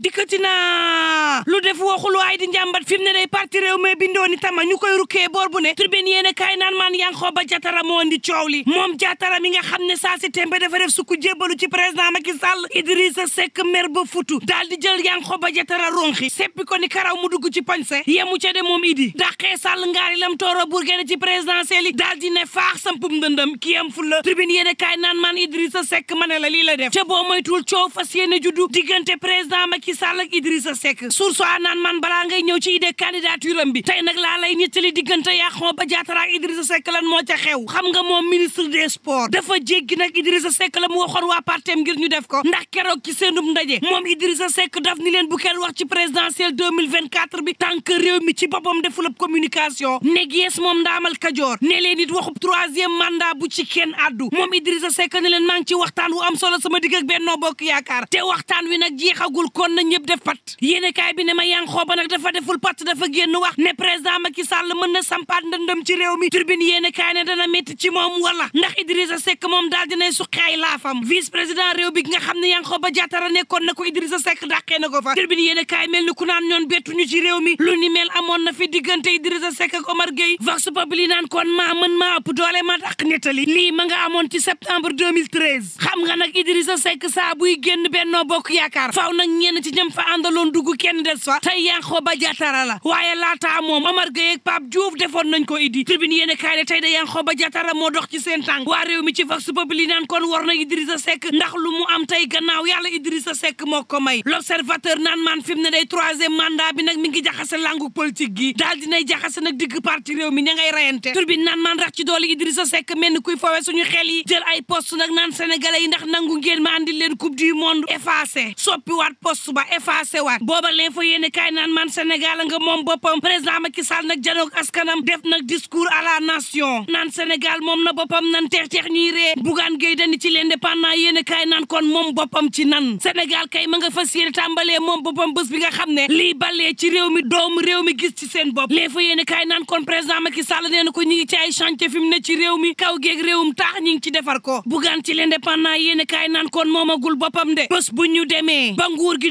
dikkati naa lu def waxulu ay di njàmbat fi mu ne day parti réew mi bindoo tama ñu koy rukkee bu ne tribune yéene kaay naan maan Yankhoba Diattara moo indi coow li moom Diattara mi nga xam ne saa si tembe dafa def sukku jébbalu ci président Macky Sall Idrissa Seck mer ba futu daal di jël Yankhoba Diattara ronxi seppi ko ni karaw mu dugg ci poñse yemu ca de moom idi daqee Sall ngaari lam tooro buur gene ci présidentielle yi daal di ne faax sampum ndëndëm ki am fulla ma Macky Sall ak Idrissa Seck source a naan man balaa ngay ñëw ci idée candidature am bi tey nag laa lay nettali diggante Yankhoba Diattara ak Idrissa Seck lan moo ca xew xam nga moom ministre des sports dafa jéggi nag Idrissa Seck la mu waxoon waa partem ngir ñu def ko ndax keroog ci seenum ndaje moom Idrissa Seck daf ni leen bu kenn wax ci présidentielle 2024 bi tant que réew mi ci boppam defulab communication neg yees moom ndaamal kajoor ne leen it waxub troisième mandat bu ci kenn addu moom Idrissa Seck ne leen maa ngi ci waxtaan wu am solo sama digg ak Benno Bokk Yaakaar wi nag jeexagul na ñëpp def pat yéene kaay bi ne ma yang xooba nag dafa deful pat dafa génn wax ne président Macky mën na sampaat ndëndëm ci réew mi turbine yéene kaay ne dana métti ci moom wala ndax Idrissa Seck moom daal dinay suqi ay na ko Idrissa Seck dàqee na ko fa turbine yéene kaay mel ni ku naan ñoon bettuñu ci réew mi lu ni mel amoon na fi diggante Idrissa Seck ak Omar Gueye vox populi naan kon maa mën maa ëpp doole ma dàq nettali lii ma nga amoon ci septembre xam nga nag Idrissa Seck saa buy génn Benno Bokk Yaakaar faaw nag ci ñëm fa àndaloon dugg kenn des fa tey Yankhoba Diattara la waaye laataa moom Amar Gueye ak Pape defoon nañ ko idi tribune yéen kaay tey da Yankhoba Diattara moo dox ci seen tànk waa réew mi ci vox populi naan kon war na Idrissa Seck ndax lu mu am tey gannaaw yàlla Idrissa Seck moo ko may l'observateur naan maan fi ne day troisième mandat bi nag mi ngi jaxase langu politique gi daal dinay jaxase nag digg parti réew mi ña ngay rayante tribune naan maan rax ci doole yi jël ay poste nag naan sénégalais yi ndax nangu ngeen ma andil ba effacé waat booba l'info yéeni kaay naan man Sénégal nga moom boppam président Macky nag janook askanam def nag discours à la nation naan Sénégal moom na boppam nan teex teex ñuy ree bugaan géy dani ci l'indépendant yéeni kaay naan kon moom boppam ci nan Sénégal kay ma nga fas yéene tàmbalee moom boppam bés bi nga xam ne lii balee ci réew mi doomu réew mi gis ci seen bopp l'info yéeni kaay naan kon président Macky Sall nee na ko ñi ngi ci ay chantier fi ne ci réew mi kaw geeg réewum taax ñi ngi ci defar ko bugaan ci l'indépendant yéeni kaay naan kon moomagul boppam de bés bu ñu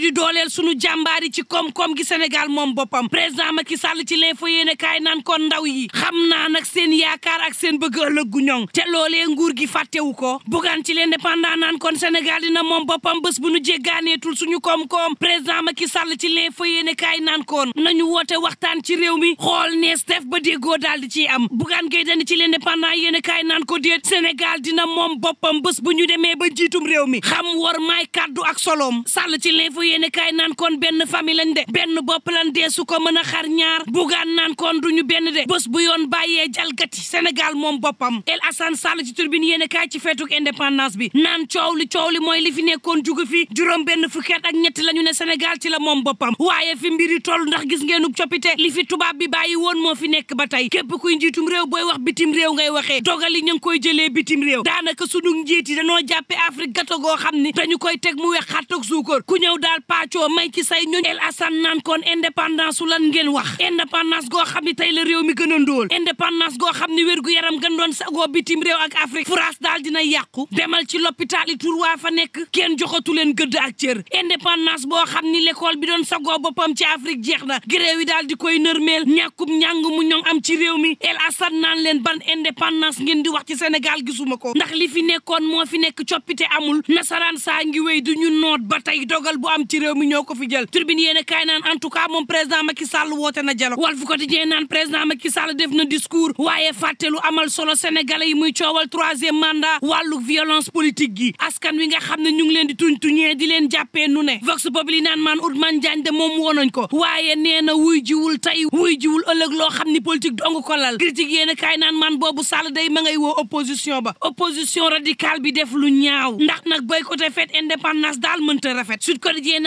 di dooleel sunu jàmbaar yi ci koom-koom gi Sénégal moom boppam président Macky Sall ci l'info yéene kaay naan kon ndaw yi xam naa nag seen yaakaar ak seen bëgg ëllëg gu ñoŋ te loolee nguur gi fàttewu ko bugaan ci l'indépendant naan kon Sénégal dina moom boppam bés bu nu jéggaaneetul suñu koom-koom président Macky Sall ci l'info yéene kaay naan kon nañu woote waxtaan ci réew mi xool nees def ba déggoo daal di ciy am bugaan ngay dani ci l'indépendant yéene kaay naan ko déet Sénégal dina moom boppam bës bu ñu demee ba njiitum réew mi xam war maay kàddu ak soloom Sall ci l'info yéen kaay naan kon benn famille lañ de benn bopp lan ko mën a xar ñaar bugaan naan kon duñu benn de bés yoon bàyyee jalgati Sénégal moom boppam El Hassan Sall ci turbine yéen kaay ci feetuk indépendance bi naan coow li coow li mooy li fi nekkoon jugu fi juróom benn fukki at ak ñetti la ñu ne Sénégal ci la moom boppam waaye fi mbiri tol ndax gis ngeenu coppite li fi tubaab bi bàyyi woon moo fi nekk ba tey képp kuy njiitum réew booy wax bitim réew ngay waxee dogal yi ñu ngi koy jëlee bitim réew daanaka sunu njiit yi dañoo jàppe Afrique gato goo xam ni dañu koy teg mu wex xàttak suukar ku ñëw daal pàccoo may ci say ñoñ El Assane naan kon indépendance su lan ngeen wax indépendance goo xam ne tey la réew mi gën a ndóol indépendance goo xam ne wér-gu-yaram gën doon sagoo bitim réew ak Afrique France daal dina yàqu demal ci l'hôpital yi tur waa fa nekk kenn joxatu leen gëdd ak cër indépendance boo xam ni l'école bi doon sagoo boppam ci Afrique jeex na gréew yi daal di koy nërmeel ñàkkub njàng mu ñoŋ am ci réew mi El Assane leen ban indépendance ngeen di wax ci Sénégal gisuma ko ndax li fi nekkoon moo fi nekk coppite amul nasaraan saa ngi wéy du ñu noot ba tey dogal bu am ci ci réew mi ñoo ko fi jël turbine yéen a kaay naan en tout cas moom président Macky Sall woote na jalo Walf Quotidien naan président Macky Sall def na discours waaye fàtte lu amal solo sénégalais yi muy coowal troisième mandat wàllu violence politique gi askan wi nga xam ne ñu di tuñ tuñee di leen nu ne Vox Populi naan man Ousmane Diagne de moom woonañ ko waaye nee na wuy jiwul tey wuy jiwul ëllëg loo xam ni politique dong ko lal critique yéen a boobu Sall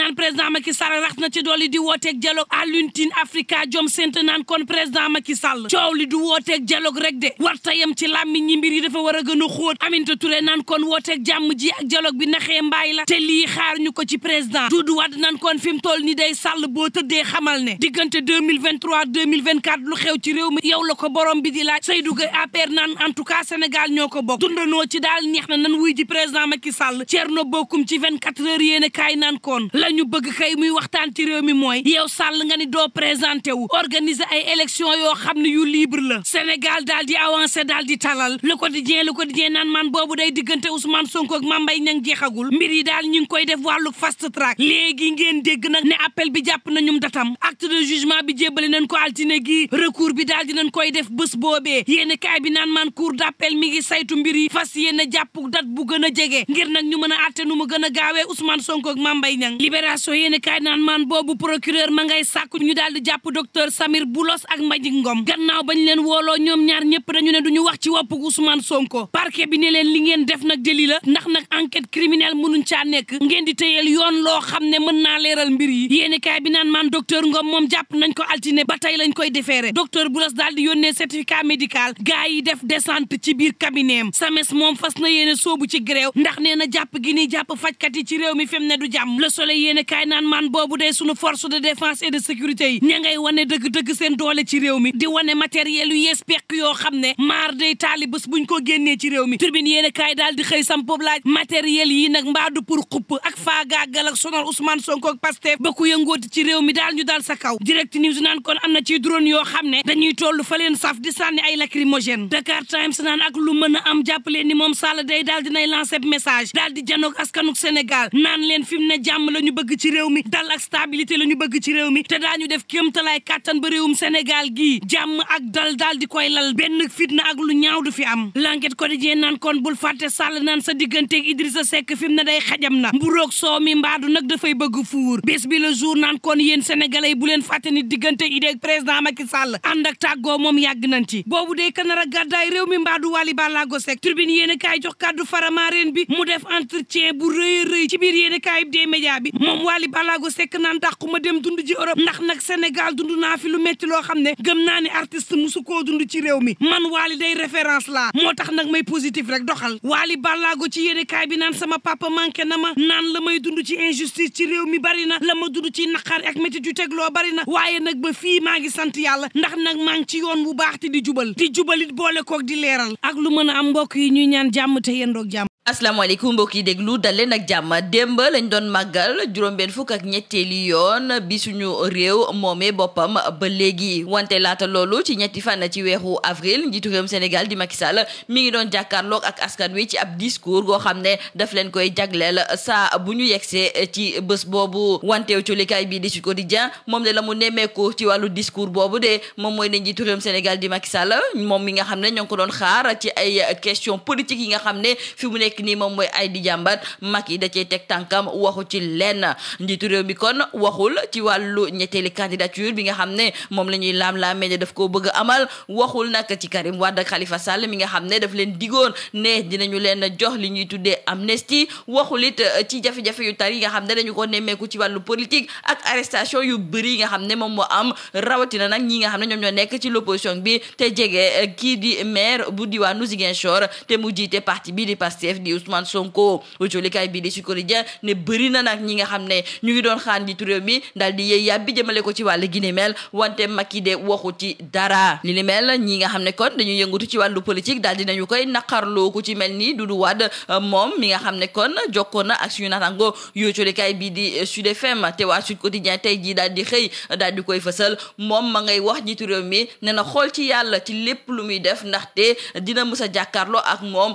naan président Macky Sall rax na ci dolli di wooteeg dialogue Alioune Tine Africa Jom Center naan kon président Macky Sall coow li du wooteeg dialogue rek de warta yem ci làmmiñ ñi mbir yi dafa war a gën a xóot Aminata Touré naan kon wooteeg jàmm ji ak dialogue bi naxee mbaay la te lii xaar ñu ko ci président Doudou Wade naan kon fi mu toll ni day Sall boo tëddee xamal ne diggante 2023 2024 lu xew ci réew mi yow la ko borom bi di laaj Seydou Gueye APR naan en tout cas Sénégal ñoo ko bokk dundanoo ci daal neex na nan wuy ji président Macky Sall Thierno bokkum ci 24 heures yéen a kaay naan kon ñu bëgg kay muy waxtaan ci réew mi mooy yow Sall nga ni doo présenté wu organiser ay élection yoo xam ne yu libre la senegal daal di avancé daal di talal Le Quotidien Le Quotidien naan man boobu day diggante Ousmane Sonko ak Mame Mbaye Niang jeexagul mbir yi daal ñu ngi koy def wàllu fast track léegi ngeen dégg nag ne appel bi jàpp nañum datam acte de jugement bi jébbale nañ ko altine gi recours bi daal dinañ koy def bés boobee yéen kaay bi naan man cour d'appel mi ngi saytu mbir yi fas yéen a jàpp dat bu gën a jege ngir nag ñu mën a àtte nu mu gën a gaawee Ousmane Sonko ak Mame libération yéen kaay naan maan boobu procureur ma ngay sàkku ñu daal di jàpp docteur Samir Boulos ak Mbagnick ngoom gannaaw bañ leen wooloo ñoom ñaar ñëpp dañu ne duñu wax ci wopp Ousmane Sonko parquet bi ni leen li ngeen def nag délit la ndax nag enquête criminelle mënuñ caa nekk ngeen di téyeel yoon loo xam ne mën naa leeral mbir yi yéen kaay bi naan maan docteur Ngom moom jàpp nañ ko altine ba tey lañ koy defeere docteur Boulos daal di yónnee certificat médical gars yi def descente ci biir cabinet am moom fas na yéene soobu ci grève ndax nee na jàpp gi ni jàpp fajkat yi ci réew mi fem ne du jàmm le soleil yéene kaay naan maan boobu day sunu force de défense et de sécurité yi ña ngay wane dëgg-dëgg seen doole ci réew mi di wane matériel yu yees pekk yoo xam ne maar day taali bés buñ ko génnee ci réew mi turbine yéene kaay daal di xëy sam poob laaj matériel yi nag mbaadu pour xupp ak faagaagal ak sonal Ousmane Sonko ak Pastef ba ku yëngooti ci réew mi daal ñu daal sa kaw direct news naan kon am na ci drone yoo xam ne dañuy toll fa leen saf di sànni ay lacrymogène Dakar Times naan ak lu mën am jàppale ni moom Sall day daal dinay lancer message daal di janoog askanuk Sénégal naan leen fi mu ne jàmm la ñu bëgg ci réew mi dal ak stabilité la ñu bëgg ci réew mi te daañu def kéemtalaay kattan ba réewum gi gii jàmm ak dal daal di koy lal benn fitna ak lu ñaaw du fi am l'enquête quotidien naan kon bul fàtte sall naan sa digganteeg sa Seck fi mu ne day xajam na mburoog soo mi mbaadu nag dafay bëgg fuur bés bi le jour naan kon yéen sénégalais bu leen fàtte ni diggante idée président Macky Sall ànd ak tàggoo moom yàgg nañ ci boobu dee kanar a gàddaay réew mi mbaadu wàlli bàllaago Seck tribune yéen a kaay jox kàddu faramaareen bi mu def entretien bu rëy rëy ci biir yéen a kaay bi moom Wally Ballago Seck naan ma dem dund ji Europe ndax nag Sénégal dund naa fi lu metti loo xam ne gëm naa ne artiste musu koo dund ci réew mi man Wally day référence la moo tax nag may positif rek doxal ballaa Ballago ci yéene kaay bi naan sama papa manqué na ma naan la may dund ci injustice ci réew mi bari na la ma dund ci naqar ak métti ju tegloo bari na waaye nag ba fii maa ngi sant yàlla ndax nag maa ngi ci yoon bu baax te di jubal di jubalit boole koog di leeral ak lu mën a am mbokk yi ñuy ñaan jàmm te yendoog asalaamaaleykum mbokk yi déglu dal leen ak jàmm démb lañ doon màggal juróom-benn fukk ak ñetteeli yoon bi suñu réew moomee boppam ba léegi wante laata loolu ci ñetti fan ci weexu avril njiitu réewum Sénégal di Macky Sall mi ngi doon jàkkaarloog ak askan wi ci ab discours goo xam ne daf leen koy jagleel saa bu ñu yegsee ci bés boobu wanteew colikaay bii di Sud Quotidien moom de la mu nemmeeku ci wàllu discours boobu de moom mooy ne njiitu réewum Sénégal di Macky Sall moom mi nga xam ne ñoo ngi ko doon xaar ci ay question politique yi nga xam ne fi mu nekk nekk nii moom mooy ay di jàmbat Macky da cee teg tànkam waxu ci lenn njiitu réew mi kon waxul ci wàllu ñetteeli candidature bi nga xam ne moom la ñuy laam-laamee ne daf koo bëgg amal waxul nag ci Karim Wade ak Khalifa Sall mi nga xam ne daf leen digoon ne dinañu leen jox li ñuy tuddee amnistie waxul it ci jafe yu tar yi nga xam ne dañu ko nemmeeku ci wàllu politique ak arrestation yu bëri yi nga xam ne moom moo am rawatina nag ñi nga xam ne ñoom ñoo nekk ci l'opposition bi te jege kii di maire bu diwaanu Ziguinchor te mu jiite parti bi di Pastef di Ousmane Sonko ucolikaay bii di si quotidien ne bëri na nag ñi nga xam ne ñu ngi doon xaan di réew mi daal di yey yàbbi jëmale ko ci wàllu gini mel wante Macky de waxu dara li mel ñi nga xam ne kon dañuy yëngatu ci wàllu politique daal dinañu koy naqarloo ko ci mel ni du Wade moom mi nga xam ne kon jokkoon na ak suñu natango yoocolikaay bii di Sud FM te waa Sud Quotidien tey jii daal di xëy daal di koy fësal moom ma ngay wax jiitu réew mi ne na xool ci yàlla ci lépp lu muy def ndaxte dina mës a jàkkaarloo ak moom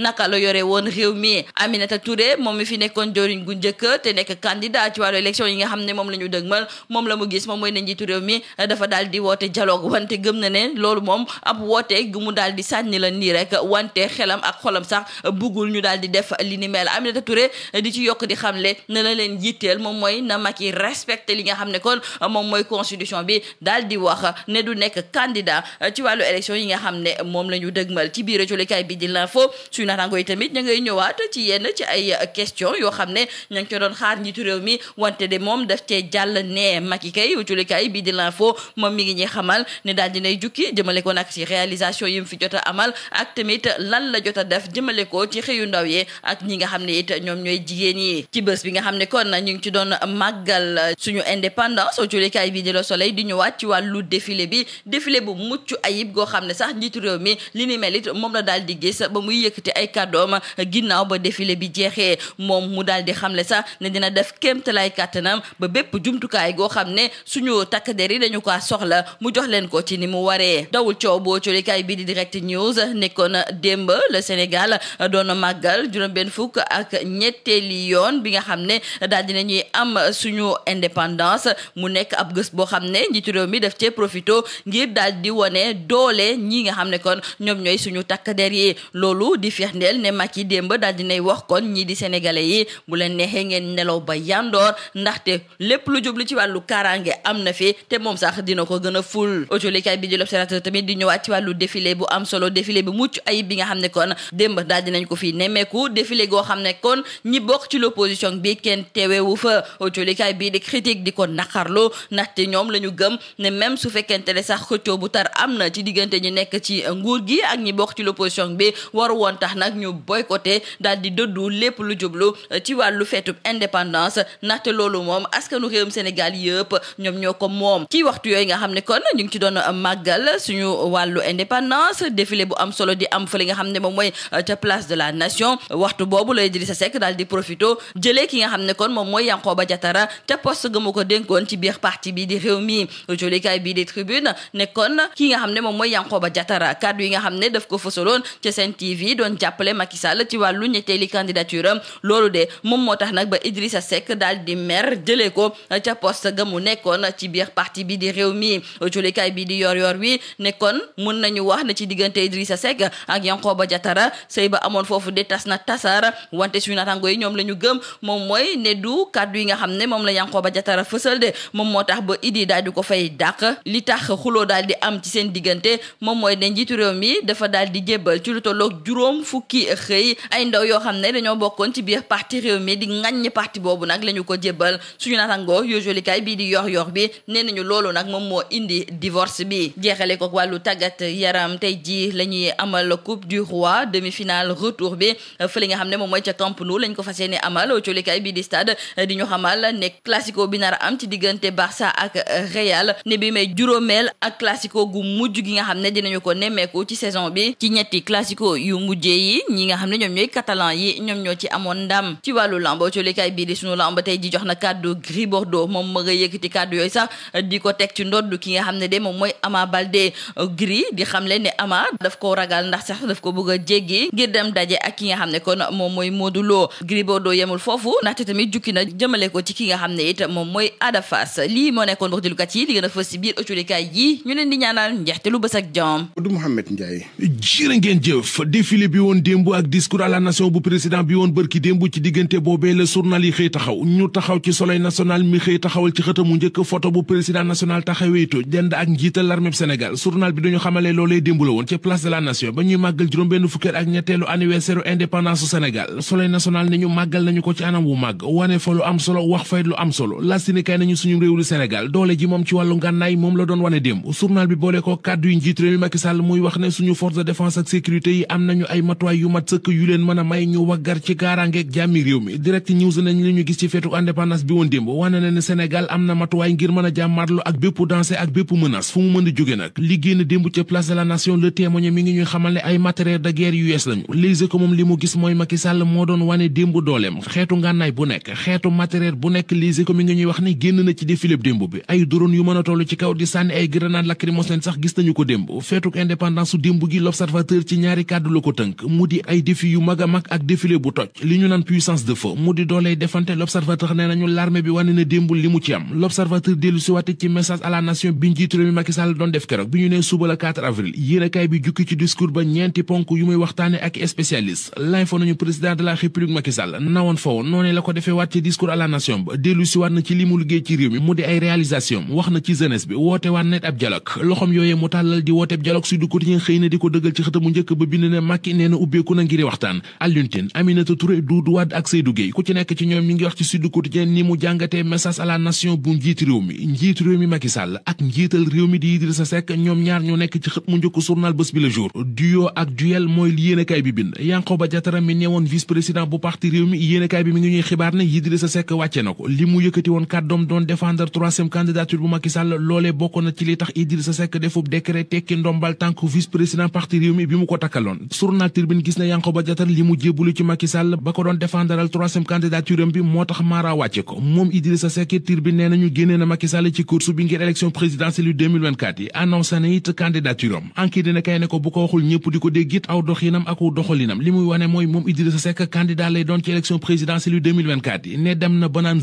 naka la yore woon réew mi Aminata Touré moom mi fi nekkoon joriñ gu njëkk te nekk candidat ci wàllu élection yi nga xam ne moom la ñu dëgmal moom la mu gis moom mooy ne njiitu réew mi dafa daal di woote wante gëm na ne loolu moom ab woote gu mu daal di sànni la nii rek wante xelam ak xolam sax buggul ñu daal di def li ni mel Aminata Touré di ci yokk di xamle na la leen yitteel moom mooy na Macky respecté li nga xam ne kon moom mooy constitution bi daal di wax ne du nekk candidat ci wàllu élection yi nga xam ne moom la ñu dëgmal ci biir jolikaay bi di l'info naataango yi tamit ña euh, yoo xam ne ña ngi ko doon xaar njiitu mi wante de moom daf cee jàll ne Macky kay uculikaay bii di l'info moom mi ngi ñuy xamal ne daal dinay jukki jëmale ko nag ci réalisation yi mu fi jot a amal ak lan la jot a def jëmale ko ci xëyu ndaw yi ak ñi nga xam ne it ñoom ñooy jigéen yi ci bés bi nga xam ne kon ñu ngi ci doon màggal suñu indépendance uculikaay bii di Le Soleil di ñëwaat ci wàllu défilé bi défilé bu mucc ayib goo xam ne sax njiitu réew mi li ni mel it moom la daal gis ba muy yëkkati ay kàddoom ginnaaw ba défilé bi jeexee moom mu daal di xamle sax ne dina def kéemtalaay kàttanam ba bépp jumtukaay goo xam ne suñu takk der yi dañu ko soxla mu jox leen ko ci ni mu waree dawul coow boo colikaay bi di direct news nekkoon démb le Sénégal doon màggal juróom-benn fukk ak ñetteeli yoon bi nga xam ne daal dina ñuy am suñu indépendance mu nekk ab gës boo xam ne njiitu réew mi def cee profito ngir daal di wone doole ñi nga xam ne kon ñoom ñooy suñu njeexndeel ne Macky démb daal dinay wax kon ñii di sénégalais yi bu leen neexee ngeen nelaw ba yandoor ndaxte lépp lu jublu ci wàllu kaaraange am na fi te moom sax dina ko gën a ful autolikaay bi di l'observateur tamit di ñëwaat ci wàllu défilé bu am solo défilé bi mucc ayib bi nga xam ne kon démb daal dinañ ko fi nemmeeku défilé goo xam ne kon ñi bokk ci l'opposition bi kenn teewewu fa autolikaay bii di critique di ko naqarlu ndaxte ñoom lañu ñu gëm ne même su fekkente ne sax xëccoo bu tar am na ci diggante ñi nekk ci nguur gi ak ñi bokk ci l'opposition bi waru woon tax nag ñu boycotté daal di dëddu lépp lu jublu euh, ci wàllu feetub indépendance ndaxte loolu moom askanu réewum Sénégal yëpp ñoom ñoo ko moom ci waxtu yooyu nga xam ne kon ñu ngi ci doon euh, màggal suñu wàllu indépendance défilé bu am solo di am fële nga xam ne moom mooy euh, ca place de la nation waxtu boobu la Idrissa Seck daal di profito jëlee ki nga xam ne kon moom mooy Yankhoba Diattara ca poste ga mu ko dénkoon ci biir parti bii di réew mi jolikaay bi di tribune ne kon ki nga xam ne moom mooy ba Diattara kàddu yi nga xam ne def ko fësaloon ca seen TV doon jàppale Macky Sall ci wàllu ñetteeli candidature am loolu de moom moo tax nag ba Idrissa Seck daal di mer jëlee ko ca poste ga mu nekkoon ci biir parti bi di réew mi nekkoon mun nañu wax ne ci diggante Idrissa Seck ak Yankhoba Diattara sëy ba amoon foofu de tas na tasaar wante suñu natango yi ñoom la ñu gëm moom mooy ne du kàddu yi nga xam ne moom la Yankhoba Diattara fësal de moom moo tax ba Idi daal di ko fay dàq li tax xuloo daal di am ci seen diggante moom mooy ne njiitu réew mi dafa daal di jébbal ci fukki xëy ay ndaw yoo xam ne dañoo bokkoon ci biir parti réew mi di ŋàññ parti boobu nag la ñu ko jébbal suñu naatangoo yojolikaay bii di yor yor bi nee nañu loolu nag moom moo indi divorce bi jeexale ko wàllu tàggat yaram tey ji la amal coupe du roi demi-finale retour bi fële nga xam ne moom mooy ca Camp Nou lañ ko fas yéene amal yojolikaay bii di stade di ñu xamal ne classico bi nar a am ci diggante Barça ak Real ne bi may juróomeel ak gi nga xam ne dinañu ko nemmeeku ci saison bi yi ñi nga xam ne ñoom ñooy catalan yi ñoom ñoo ci amoon ndam ci wàllu lamb coolikaay bii di lamb tey ji jox na kàddu Gris Bordeaux moom ma nga yëkkati kàddu yooyu sax di ko teg ci ndodd ki nga xam ne de moom mooy Ama Baldé Gris di xamle ne Ama daf ko ragal ndax sax daf ko bëgg a jéggi ngir dem daje ak ki nga xam ne kon moom mooy Modou Lo Gris Bordeaux yemul foofu ndaxte tamit jukki na jëmale ko ci ki nga xam ne itam moom mooy Ada Fass lii moo nekkoon wax dilukat yi li na a si biir coolikaay yi ñu leen di ñaanal te lu bës ak jom Modou Mouhamed woon démb ak discours à la nation bu président bi woon bërki démbu ci diggante boobee la journal yi xëy taxaw ñu taxaw ci soleil national mi xëy taxawal ci xëtamu njëkk photo bu président national taxaweetu dend ak njiital l'armée Sénégal journal bi dañu xamale loolee démbu la woon ci place de la nation ba ñuy màggal juróom-benn fukkeer ak ñetteelu anniversaire indépendance Sénégal soleil national ne ñu màggal nañu ko ci anam wu màgg wane fa lu am solo wax lu am solo la sinikaay nañu suñu réew Sénégal doole ji moom ci wàllu ngànnaay moom la doon wane démb journal bi boole ko kàddu yi njiit réew mi Macky wax ne suñu force de défense sécurité yi am nañu ay mat matuwaay yu mat sëkk yu leen mën a may ñu waggar ci kaaraangeeg jàmmi réew mi direct news nañ li ñu gis ci feetu indépendance bi woon démb wane na ne Sénégal am na matuwaay ngir mën a jàmmaarlu ak bépp danger ak bépp menace fu mu mën a jóge nag li na démb ca place de la nation le témoigne mi ngi ñuy xamal ne ay matériel de guerre yu yees lañu Les Échos moom li mu gis mooy Macky Sall moo doon wane démb dooleem xeetu ngànnaay bu nekk xeetu matériel bu nekk Les Échos mi ngi génn na ci défilé démb bi ay drone yu mën a toll ci kaw gis nañu ko démb feetuk indépendance su démb gi l'observateur ci ñaari kàddu la ko tënk mu di ay défi yu mag a mag ak défilé bu toj li ñu naan puissance de feu mu di dooley defante l'observateur nee mu ci am l'observateur dellu si waate ci message à la nation bi njiitu réew mi Macky Sall muy waxtaane ak spécialiste l'info nañu président ko defee waat ci discours à la nation ba dellu si waat na ci li mu liggéey ci réew mi mu di ay xëy na di ko dëggal ci xëtamu njëkk ba bind ne Macky nee ubbeeku na ngir waxtaan Alioune Tine Aminata Touré Doudou Wade ak Seydou Gueye ku ci nekk ci ñoom ñi ngi wax ci Sud Quotidien ni mu jàngatee message à la nation bu njiit réew mi njiit réew mi Macky Sall ak njiital réew mi di Idrissa Seck ñoom ñaar ñoo nekk ci xët mu njëkk journal bés bi le jour ak duel mooy mi neewoon vice réew mi ngi ñuy xibaar ne Idrissa Seck wàcce na ko li mu yëkkati woon kàddoom doon défendre troisième candidature bu Macky Sall loolee bokk na ci li tax Idrissa réew tribune gis na Yankoba Diattara li mu jébbalu ci Macky Sall ba ko doon défendral troisième candidature bi moo tax maara wàcce ko moom Idrissa Seck tribune nee nañu génnee na Macky Sall ci course bi ngir élection présidentielle yu 2024 yi annoncé it candidature am enquête dina kay ne ko bu ko waxul ñëpp di ko dégg it aw doxinam ak aw doxalinam li muy wane mooy moom Idrissa Seck candidat lay doon ci élection présidentielle yu 2024 yi ne dem na ba naan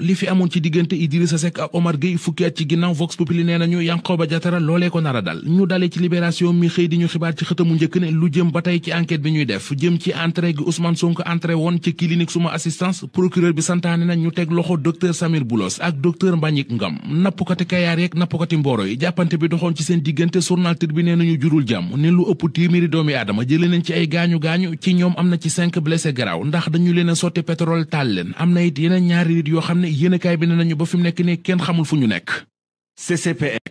li fi amoon ci diggante Idrissa Seck ak Omar Gueye fukki at ci ginnaaw Vox Populi nee nañu Yankhoba Diattara loolee ko nar a dal ñu dalee ci libération mi xëy di ñu xibaar ci xëtamu njëkk ne lu jëm ba tey ci enquête bi ñuy def jëm ci entrée gi Ousmane Sonko entrée woon ci clinique suma assistance procureur bi santaane na ñu teg loxo docteur Samir Boulos ak docteur Mbagnick Ngom nappkati Kayaar yeeg nappkati Mboro yi jàppante bi doxoon ci seen diggante journal Tribune nee nañu jurul jàmm ne lu ëpp téeméeri doomi aadama jëlee nañ ci ay gaañu-gaañu ci ñoom am na ci ndax dañu leen a sotti pétrole taal leen am na it yeneen xam ne yéenekaay bi na nañu ba fi mu nekk nii kenn xamul fu ñu nekk CCPE